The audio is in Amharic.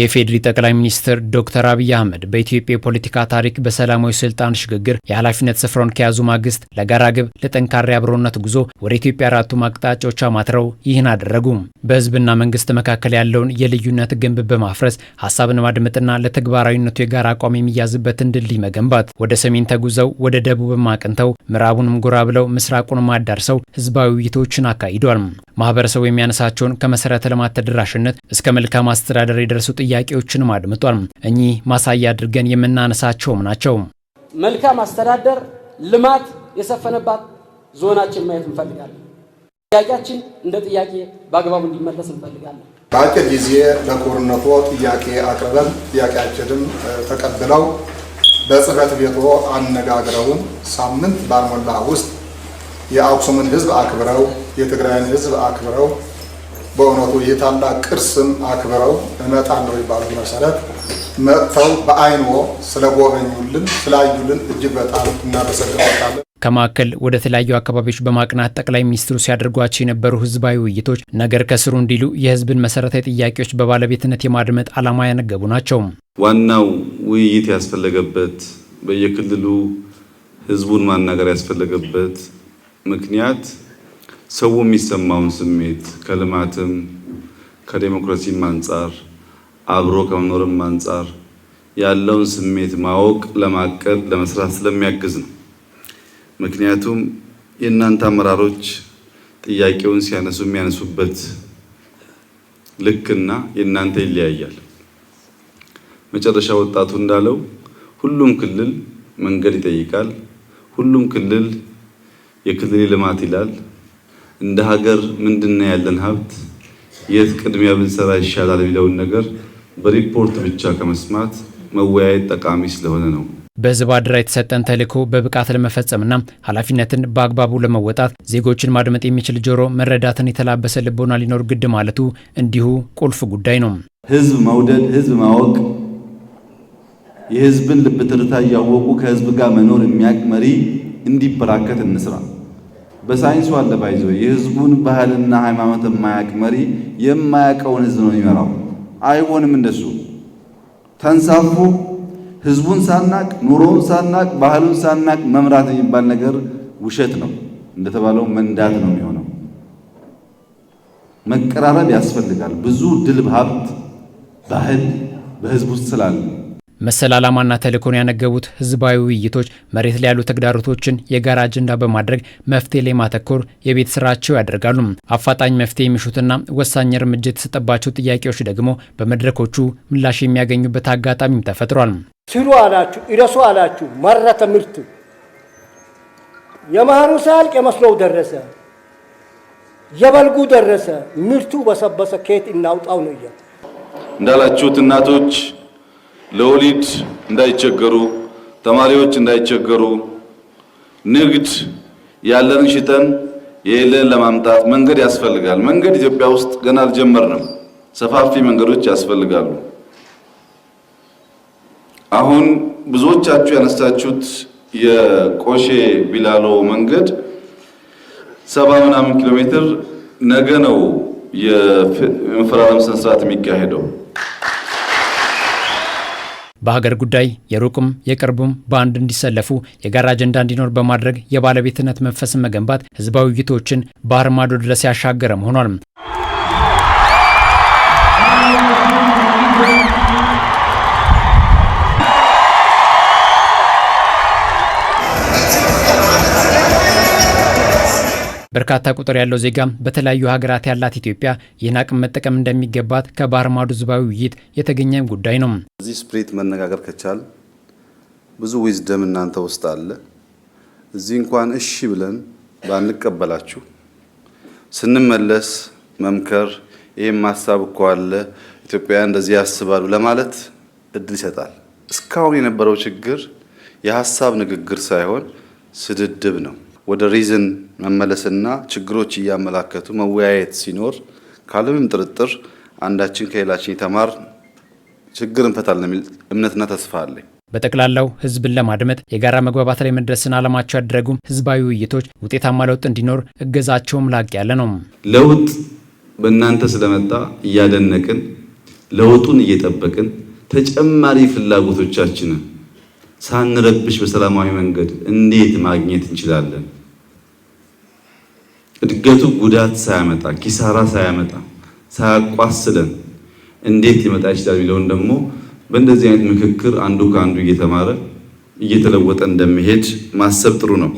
የፌዴሪ ጠቅላይ ሚኒስትር ዶክተር አብይ አህመድ በኢትዮጵያ የፖለቲካ ታሪክ በሰላማዊ ስልጣን ሽግግር የኃላፊነት ስፍራውን ከያዙ ማግስት ለጋራ ግብ ለጠንካራ አብሮነት ጉዞ ወደ ኢትዮጵያ አራቱ አቅጣጫዎች አማትረው ይህን አደረጉ። በህዝብና መንግስት መካከል ያለውን የልዩነት ግንብ በማፍረስ ሀሳብን ማድመጥና ለተግባራዊነቱ የጋራ አቋም የሚያዝበትን ድልድይ መገንባት፣ ወደ ሰሜን ተጉዘው ወደ ደቡብም አቅንተው ምዕራቡንም ጎራ ብለው ምስራቁንም አዳርሰው ህዝባዊ ውይይቶችን አካሂዷል። ማህበረሰቡ የሚያነሳቸውን ከመሰረተ ልማት ተደራሽነት እስከ መልካም አስተዳደር የደረሱ ጥያቄዎችንም አድምጧል። እኚህ ማሳያ አድርገን የምናነሳቸውም ናቸው። መልካም አስተዳደር፣ ልማት የሰፈነባት ዞናችን ማየት እንፈልጋለን። ጥያቄያችን እንደ ጥያቄ በአግባቡ እንዲመለስ እንፈልጋለን። በአጭር ጊዜ ለኮርነቶ ጥያቄ አቅርበን ጥያቄያችንም ተቀብለው በጽህፈት ቤቶ አነጋግረውን ሳምንት ባልሞላ ውስጥ የአክሱምን ሕዝብ አክብረው የትግራይን ሕዝብ አክብረው በእውነቱ ይህ ታላቅ ቅርስም አክብረው እመጣለሁ ይባሉ መሰረት መጥተው በአይንዎ ስለጎበኙልን ስላዩልን እጅግ በጣም እናመሰግናለን። ከማዕከል ወደ ተለያዩ አካባቢዎች በማቅናት ጠቅላይ ሚኒስትሩ ሲያደርጓቸው የነበሩ ህዝባዊ ውይይቶች ነገር ከስሩ እንዲሉ የህዝብን መሰረታዊ ጥያቄዎች በባለቤትነት የማድመጥ ዓላማ ያነገቡ ናቸው። ዋናው ውይይት ያስፈለገበት በየክልሉ ህዝቡን ማናገር ያስፈለገበት ምክንያት ሰው የሚሰማውን ስሜት ከልማትም ከዴሞክራሲም አንጻር አብሮ ከመኖርም አንጻር ያለውን ስሜት ማወቅ ለማቀድ ለመስራት ስለሚያግዝ ነው። ምክንያቱም የእናንተ አመራሮች ጥያቄውን ሲያነሱ የሚያነሱበት ልክና የእናንተ ይለያያል። መጨረሻ ወጣቱ እንዳለው ሁሉም ክልል መንገድ ይጠይቃል፣ ሁሉም ክልል የክልል ልማት ይላል። እንደ ሀገር ምንድነው ያለን ሀብት፣ የት ቅድሚያ ብንሰራ ይሻላል የሚለውን ነገር በሪፖርት ብቻ ከመስማት መወያየት ጠቃሚ ስለሆነ ነው። በህዝብ አደራ የተሰጠን ተልዕኮ በብቃት ለመፈጸምና ኃላፊነትን በአግባቡ ለመወጣት ዜጎችን ማድመጥ የሚችል ጆሮ፣ መረዳትን የተላበሰ ልቦና ሊኖር ግድ ማለቱ እንዲሁ ቁልፍ ጉዳይ ነው። ህዝብ መውደድ፣ ህዝብ ማወቅ፣ የህዝብን ልብ ትርታ እያወቁ ከህዝብ ጋር መኖር የሚያቅ መሪ እንዲበራከት እንስራ። በሳይንሱ አለ ባይዞ የህዝቡን ባህልና ሃይማኖት የማያቅ መሪ የማያውቀውን ህዝብ ነው የሚመራው። አይሆንም እንደሱ ተንሳፎ ህዝቡን ሳናቅ ኑሮውን ሳናቅ ባህሉን ሳናቅ መምራት የሚባል ነገር ውሸት ነው። እንደተባለው መንዳት ነው የሚሆነው። መቀራረብ ያስፈልጋል። ብዙ ድልብ ሀብት ባህል በህዝብ ውስጥ ስላለ መሰል ዓላማና ተልእኮን ያነገቡት ህዝባዊ ውይይቶች መሬት ላይ ያሉ ተግዳሮቶችን የጋራ አጀንዳ በማድረግ መፍትሄ ላይ ማተኮር የቤት ስራቸው ያደርጋሉ። አፋጣኝ መፍትሄ የሚሹትና ወሳኝ እርምጃ የተሰጠባቸው ጥያቄዎች ደግሞ በመድረኮቹ ምላሽ የሚያገኙበት አጋጣሚም ተፈጥሯል። ስሩ አላችሁ፣ ይረሱ አላችሁ። መረ ትምህርት የመኸሩ ሳያልቅ የመስኖው ደረሰ፣ የበልጉ ደረሰ። ምርቱ በሰበሰ ከየት እናውጣው ነው እያ እንዳላችሁት እናቶች ለወሊድ እንዳይቸገሩ፣ ተማሪዎች እንዳይቸገሩ፣ ንግድ ያለንን ሽጠን የሌለን ለማምጣት መንገድ ያስፈልጋል። መንገድ ኢትዮጵያ ውስጥ ገና አልጀመርንም። ሰፋፊ መንገዶች ያስፈልጋሉ። አሁን ብዙዎቻችሁ ያነሳችሁት የቆሼ ቢላሎ መንገድ ሰባ ምናምን ኪሎ ሜትር ነገ ነው የመፈራረም ስነስርዓት የሚካሄደው። በሀገር ጉዳይ የሩቅም የቅርብም በአንድ እንዲሰለፉ የጋራ አጀንዳ እንዲኖር በማድረግ የባለቤትነት መንፈስን መገንባት ህዝባዊ ውይይቶችን ባህር ማዶ ድረስ ያሻገረም ሆኗል። በርካታ ቁጥር ያለው ዜጋ በተለያዩ ሀገራት ያላት ኢትዮጵያ ይህን አቅም መጠቀም እንደሚገባት ከባህር ማዶ ህዝባዊ ውይይት የተገኘ ጉዳይ ነው። እዚህ ስፕሪት መነጋገር ከቻል ብዙ ዊዝደም እናንተ ውስጥ አለ። እዚህ እንኳን እሺ ብለን ባንቀበላችሁ ስንመለስ መምከር፣ ይህም ሀሳብ እኮ አለ እንደዚህ ያስባሉ ለማለት እድል ይሰጣል። እስካሁን የነበረው ችግር የሀሳብ ንግግር ሳይሆን ስድድብ ነው። ወደ ሪዝን መመለስና ችግሮች እያመላከቱ መወያየት ሲኖር ካለምንም ጥርጥር አንዳችን ከሌላችን የተማር ችግር እንፈታለን የሚል እምነትና ተስፋ አለኝ። በጠቅላላው ህዝብን ለማድመጥ የጋራ መግባባት ላይ መድረስን አለማቸው ያደረጉም ህዝባዊ ውይይቶች ውጤታማ ለውጥ እንዲኖር እገዛቸውም ላቅ ያለ ነው። ለውጥ በእናንተ ስለመጣ እያደነቅን ለውጡን እየጠበቅን ተጨማሪ ፍላጎቶቻችንን ሳንረብሽ በሰላማዊ መንገድ እንዴት ማግኘት እንችላለን? እድገቱ ጉዳት ሳያመጣ ኪሳራ ሳያመጣ ሳያቋስለን እንዴት ሊመጣ ይችላል የሚለውን ደግሞ በእንደዚህ አይነት ምክክር አንዱ ከአንዱ እየተማረ እየተለወጠ እንደሚሄድ ማሰብ ጥሩ ነው።